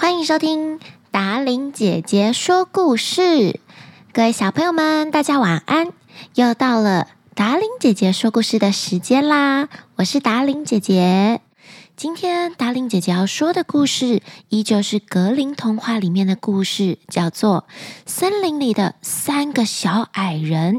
歡迎收聽達伶姐姐說故事，各位小朋友們，大家晚安！又到了達伶姐姐說故事的時間啦，我是達伶姐姐。今天達伶姐姐要說的故事依舊是格林童話裡面的故事，叫做《森林裡的三個小矮人》。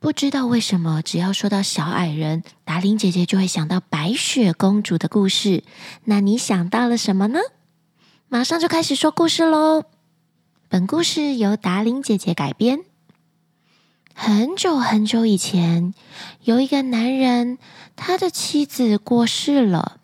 不知道為什麼，只要說到小矮人，達伶姐姐就會想到白雪公主的故事。那你想到了什麼呢？馬上就開始說故事嘍。本故事由達伶姐姐改編。很久很久以前，有一個男人，他的妻子過世了，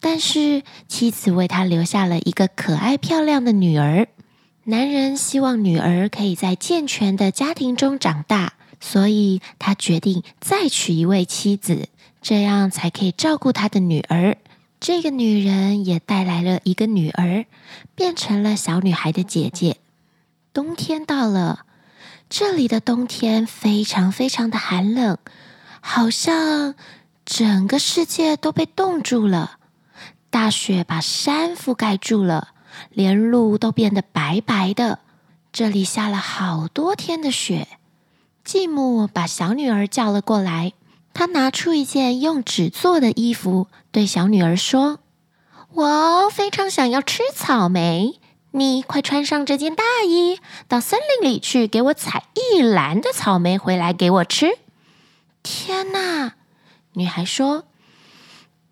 但是妻子為他留下了一個可愛漂亮的女兒。男人希望女兒可以在健全的家庭中長大，所以他決定再娶一位妻子，這樣才可以照顧他的女兒。這個女人也帶來了一個女兒，變成了小女孩的姐姐。冬天到了，這裡的冬天非常非常的寒冷，好像整個世界都被凍住了。大雪把山覆蓋住了，連路都變得白白的。這裡下了好多天的雪，繼母把小女兒叫了過來。他拿出一件用紙做的衣服，對小女兒說：“我、wow, 非常想要吃草莓，你快穿上這件大衣，到森林裡去給我採一籃的草莓回來給我吃。”天哪！女孩說：“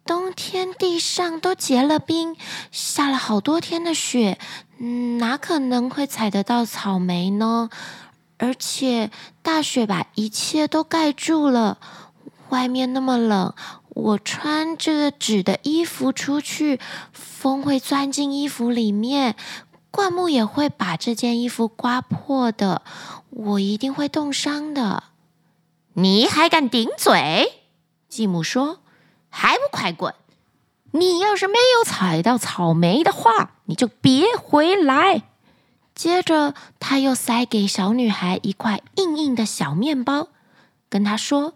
冬天地上都結了冰，下了好多天的雪，嗯、哪可能會採得到草莓呢？而且大雪把一切都蓋住了。”外面那麼冷，我穿著紙的衣服出去，風會鑽進衣服裡面，灌木也會把這件衣服颳破的，我一定會凍傷的。你還敢頂嘴？繼母說：“還不快滾！你要是沒有採到草莓的話，你就別回來。”接着，他又塞給小女孩一塊硬硬的小麵包，跟她說。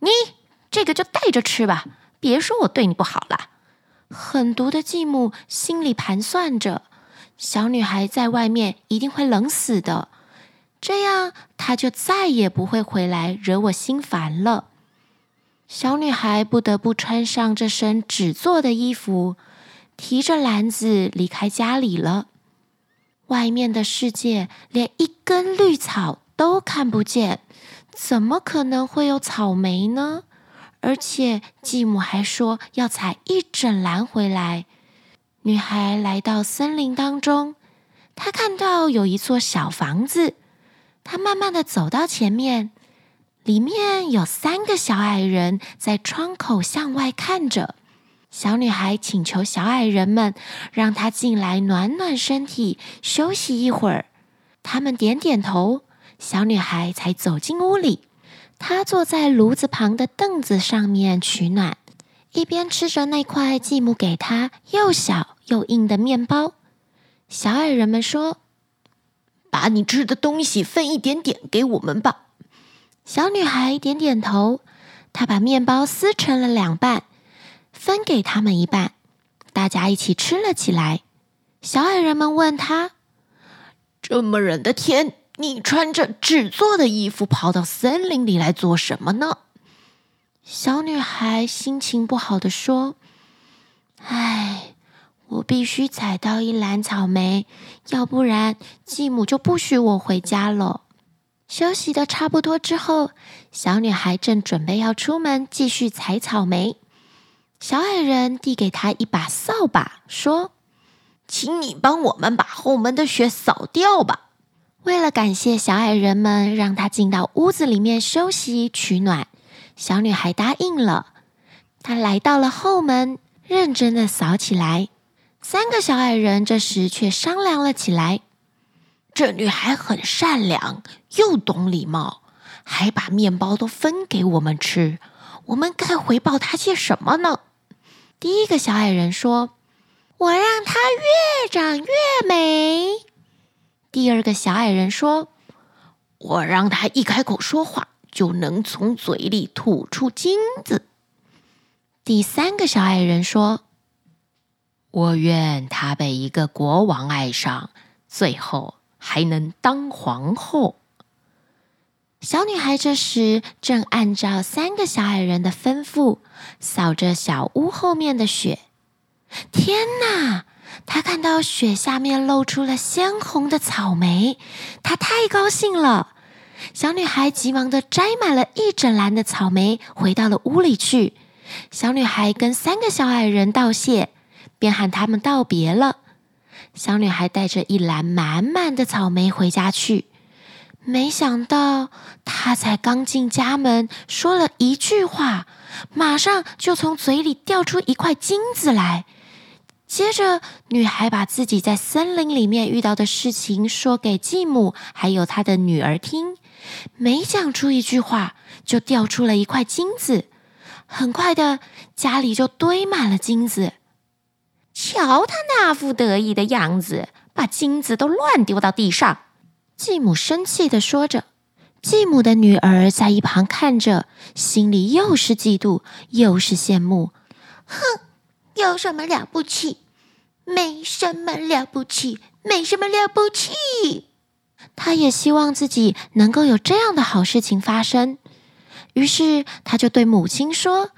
你這個就帶着吃吧，別說我對你不好了。狠毒的繼母心裡盤算着，小女孩在外面一定會冷死的，這樣她就再也不會回來惹我心煩了。小女孩不得不穿上這身紙做的衣服，提着籃子離開家裡了。外面的世界連一根綠草，都看不見，怎麼可能會有草莓呢？而且繼母還說要採一整籃回來。女孩來到森林當中，她看到有一座小房子，她慢慢的走到前面，裡面有三個小矮人在窗口向外看着。小女孩請求小矮人們讓她進來暖暖身體，休息一會兒。他們點點頭。小女孩才走進屋裡，她坐在爐子旁的凳子上面取暖，一邊吃着那塊繼母給她又小又硬的麵包。小矮人們說：“把你吃的東西分一點點給我們吧。”小女孩點點頭，她把麵包撕成了兩半，分給他們一半，大家一起吃了起來。小矮人們問她：“這麼冷的天？”你穿着紙做的衣服跑到森林裡來做什麼呢？小女孩心情不好地說：“唉，我必須採到一籃草莓，要不然繼母就不許我回家了。”休息的差不多之後，小女孩正準備要出門繼續採草莓，小矮人遞給她一把掃把，說：“請你幫我們把後門的雪掃掉吧。”為了感謝小矮人們，讓她進到屋子裡面休息取暖，小女孩答應了。她來到了後門，認真地掃起來。三個小矮人這時卻商量了起來：“這女孩很善良，又懂禮貌，還把麵包都分給我們吃，我們該回報她些什麼呢？”第一個小矮人說：“我讓她越長越美。”第二個小矮人說：“我讓他一開口說話，就能從嘴裡吐出金子。”第三個小矮人說：“我願他被一個國王愛上，最後還能當皇後。”小女孩這時正按照三個小矮人的吩咐掃着小屋後面的雪。天哪！她看到雪下面露出了鮮紅的草莓，她太高興了。小女孩急忙地摘滿了一整籃的草莓，回到了屋裡去。小女孩跟三個小矮人道謝，便喊他們道別了。小女孩帶着一籃滿滿的草莓回家去，沒想到她才剛進家門，說了一句話，馬上就從嘴裡掉出一塊金子來。接着，女孩把自己在森林裡面遇到的事情說給繼母還有她的女兒聽。每講出一句話，就掉出了一塊金子。很快的，家裡就堆滿了金子。瞧她那副得意的樣子，把金子都亂丟到地上。繼母生氣地說着。繼母的女兒在一旁看着，心裡又是嫉妒又是羨慕。哼！有什麼了不起？沒什麼了不起，沒什麼了不起。他也希望自己能夠有這樣的好事情發生，於是他就對母親說：“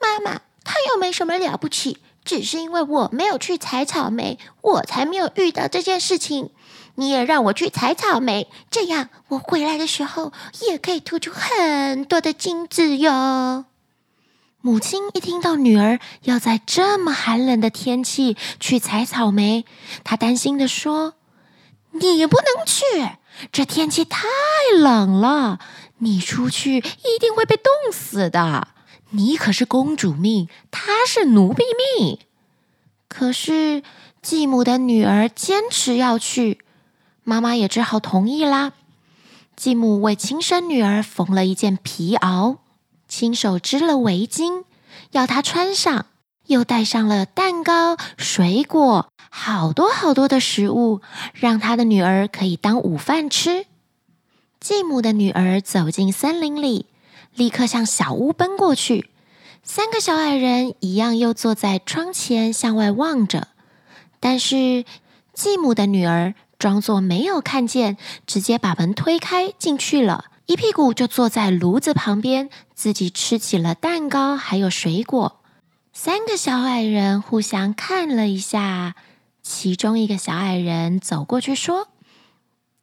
媽媽，他又沒什麼了不起，只是因為我沒有去採草莓，我才沒有遇到這件事情。你也讓我去採草莓，這樣我回來的時候也可以吐出很多的金子喲。”母親一聽到女兒要在這麼寒冷的天氣去採草莓，她擔心地說：“你不能去，這天氣太冷了，你出去一定會被凍死的。你可是公主命，她是奴婢命。”可是繼母的女兒堅持要去，媽媽也只好同意啦。繼母為親生女兒縫了一件皮襖。親手織了圍巾，要她穿上，又帶上了蛋糕、水果，好多好多的食物，讓她的女兒可以當午飯吃。繼母的女兒走進森林裡，立刻向小屋奔過去。三個小矮人一樣，又坐在窗前向外望着。但是繼母的女兒裝作沒有看見，直接把門推開進去了。一屁股就坐在爐子旁邊，自己吃起了蛋糕，還有水果。三個小矮人互相看了一下，其中一個小矮人走過去說：“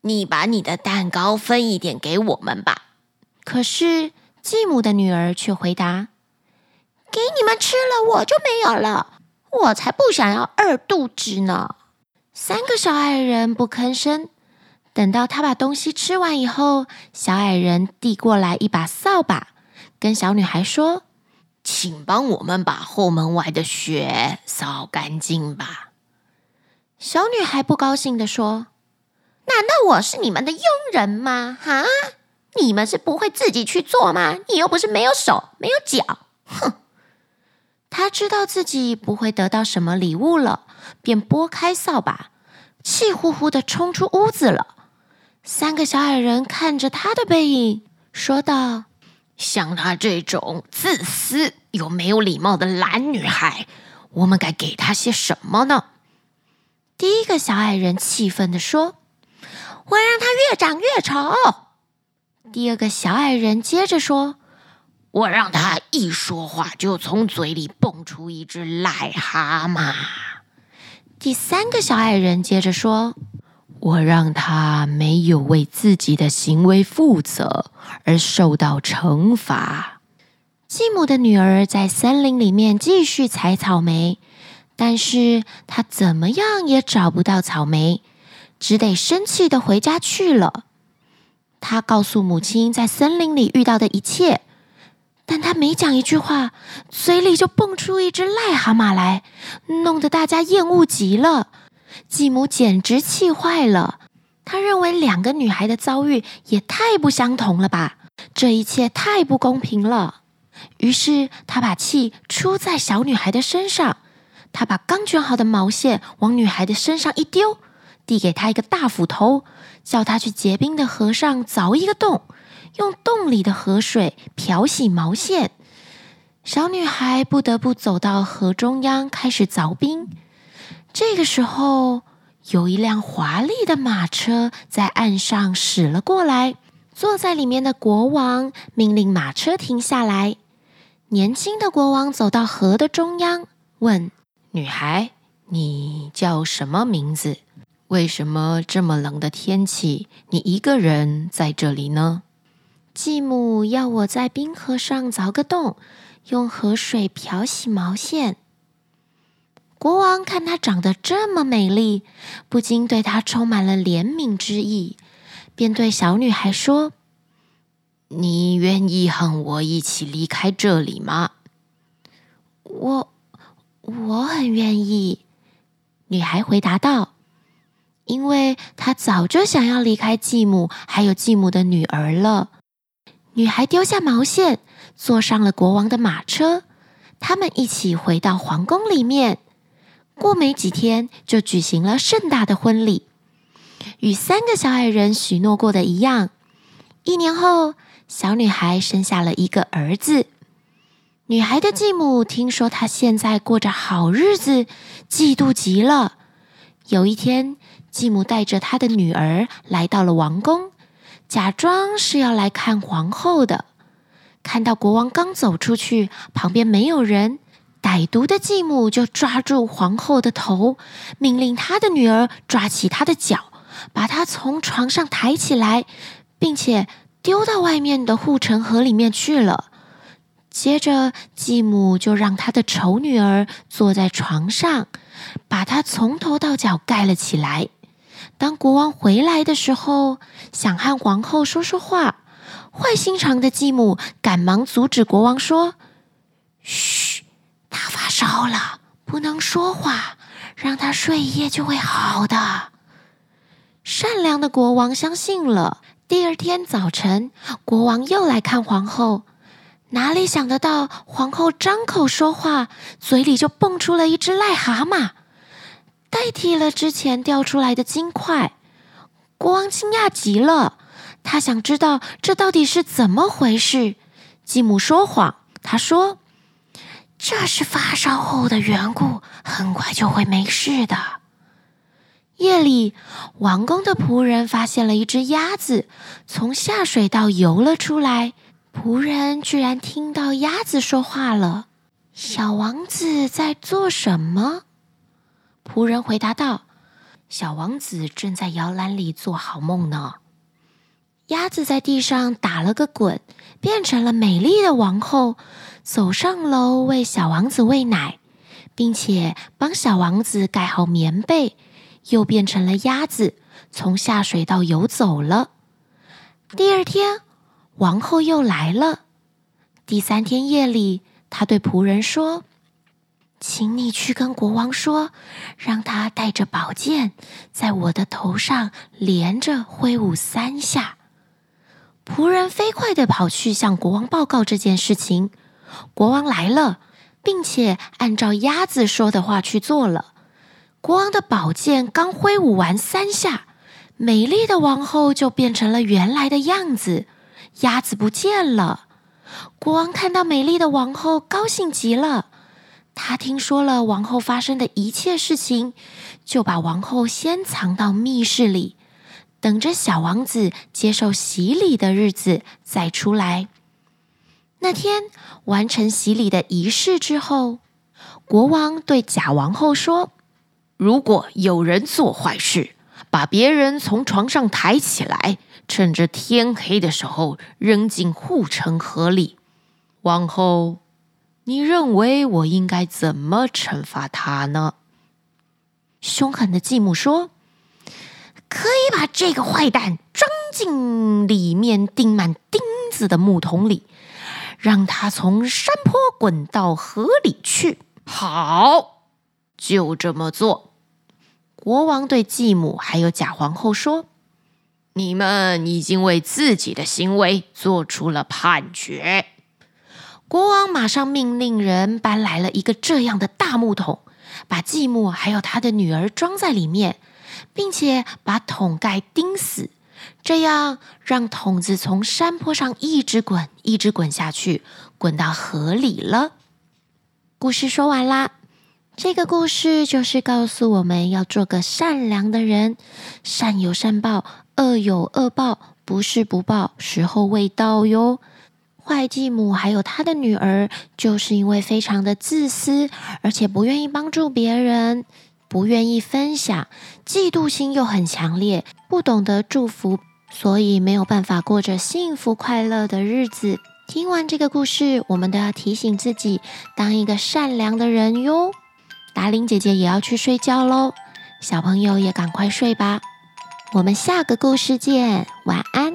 你把你的蛋糕分一點給我們吧。”可是繼母的女兒卻回答：“給你們吃了，我就沒有了。我才不想要餓肚子呢。”三個小矮人不吭聲。等到他把東西吃完以後，小矮人遞過來一把掃把，跟小女孩說：“請幫我們把後門外的雪掃乾淨吧。”小女孩不高興的說：“難道我是你們的傭人嗎？哈，你們是不會自己去做嗎？你又不是沒有手沒有腳，哼！”他知道自己不會得到什麼禮物了，便撥開掃把，氣呼呼的衝出屋子了。三個小矮人看着他的背影，說道：“像她這種自私又沒有禮貌的懶女孩，我們該給她些什麼呢？”第一個小矮人氣憤地說：“我讓她越長越醜。”第二個小矮人接着說：“我讓她一說話就從嘴裡蹦出一只癩蛤蟆。”第三個小矮人接着說。我讓他沒有為自己的行為負責而受到懲罰。繼母的女兒在森林裡面繼續採草莓，但是她怎麼樣也找不到草莓，只得生氣地回家去了。她告訴母親在森林裡遇到的一切，但她每講一句話，嘴裡就蹦出一隻癩蛤蟆來，弄得大家厭惡極了。繼母簡直氣壞了，她認為兩個女孩的遭遇，也太不相同了吧？這一切太不公平了。於是她把氣出在小女孩的身上，她把剛捲好的毛線往女孩的身上一丟，遞給她一個大斧頭，叫她去結冰的河上鑿一個洞，用洞裡的河水漂洗毛線。小女孩不得不走到河中央開始鑿冰。這個時候，有一輛華麗的馬車在岸上駛了過來。坐在裡面的國王命令馬車停下來。年輕的國王走到河的中央，問：“女孩，你叫什麼名字？為什麼這麼冷的天氣，你一個人在這裡呢？”繼母要我在冰河上鑿個洞，用河水漂洗毛線。國王看她長得這麼美麗，不禁對她充滿了憐憫之意，便對小女孩說：“你願意和我一起離開這裡嗎？”“我我很願意。”女孩回答道，“因為她早就想要離開繼母，還有繼母的女兒了。”女孩丟下毛線，坐上了國王的馬車，他們一起回到皇宮裡面。過沒幾天，就舉行了盛大的婚禮。與三個小矮人許諾過的一樣，一年後，小女孩生下了一個兒子。女孩的繼母聽說她現在過着好日子，嫉妒極了。有一天，繼母帶着她的女兒來到了王宮，假裝是要來看皇後的。看到國王剛走出去，旁邊沒有人。歹毒的繼母就抓住皇後的頭，命令她的女兒抓起她的腳，把她從床上抬起來，並且丟到外面的護城河裡面去了。接着，繼母就讓她的醜女兒坐在床上，把她從頭到腳蓋了起來。當國王回來的時候，想和皇後說說話，壞心腸的繼母趕忙阻止國王說：“噓。”燒了，不能說話，讓她睡一夜就會好的。善良的國王相信了。第二天早晨，國王又來看皇後，哪裡想得到皇后張口說話，嘴裡就蹦出了一隻癩蛤蟆，代替了之前掉出來的金塊。國王驚訝極了，他想知道這到底是怎麼回事。繼母說謊，她說。這是發燒後的緣故，很快就會沒事的。夜裡，王宮的僕人發現了一只鴨子從下水道游了出來，僕人居然聽到鴨子說話了。小王子在做什麼？僕人回答道：“小王子正在搖籃裡做好夢呢。”鴨子在地上打了個滾，變成了美麗的王後，走上樓為小王子餵奶，並且幫小王子蓋好棉被，又變成了鴨子，從下水道游走了。第二天，王后又來了。第三天夜裡，她對僕人說：“請你去跟國王說，讓他帶着寶劍，在我的頭上連着揮舞三下。”僕人飛快地跑去向國王報告這件事情。國王來了，並且按照鴨子說的話去做了。國王的寶劍剛揮舞完三下，美麗的王后就變成了原來的樣子，鴨子不見了。國王看到美麗的王后高興極了。他聽說了王后發生的一切事情，就把王后先藏到密室裡。等着小王子接受洗禮的日子再出來。那天完成洗禮的儀式之後，國王對假王后說：“如果有人做壞事，把別人從床上抬起來，趁着天黑的時候扔進護城河裡，王後，你認為我應該怎麼懲罰他呢？”凶狠的繼母說。你把這個壞蛋裝進裡面釘滿釘子的木桶裡，讓他從山坡滾到河裡去。好，就這麼做。國王對繼母還有假皇後說：“你們已經為自己的行為做出了判決。”國王馬上命令人搬來了一個這樣的大木桶。把繼母還有她的女兒裝在裡面，並且把桶蓋釘死，這樣讓桶子從山坡上一直滾，一直滾下去，滾到河裡了。故事說完啦，這個故事就是告訴我們要做個善良的人，善有善報，惡有惡報，不是不報，時候未到喲。壞繼母還有她的女兒，就是因為非常的自私，而且不願意幫助別人，不願意分享，嫉妒心又很強烈，不懂得祝福，所以沒有辦法過着幸福快樂的日子。聽完這個故事，我們都要提醒自己，當一個善良的人喲。達伶姐姐也要去睡覺嘍，小朋友也趕快睡吧。我們下個故事見，晚安。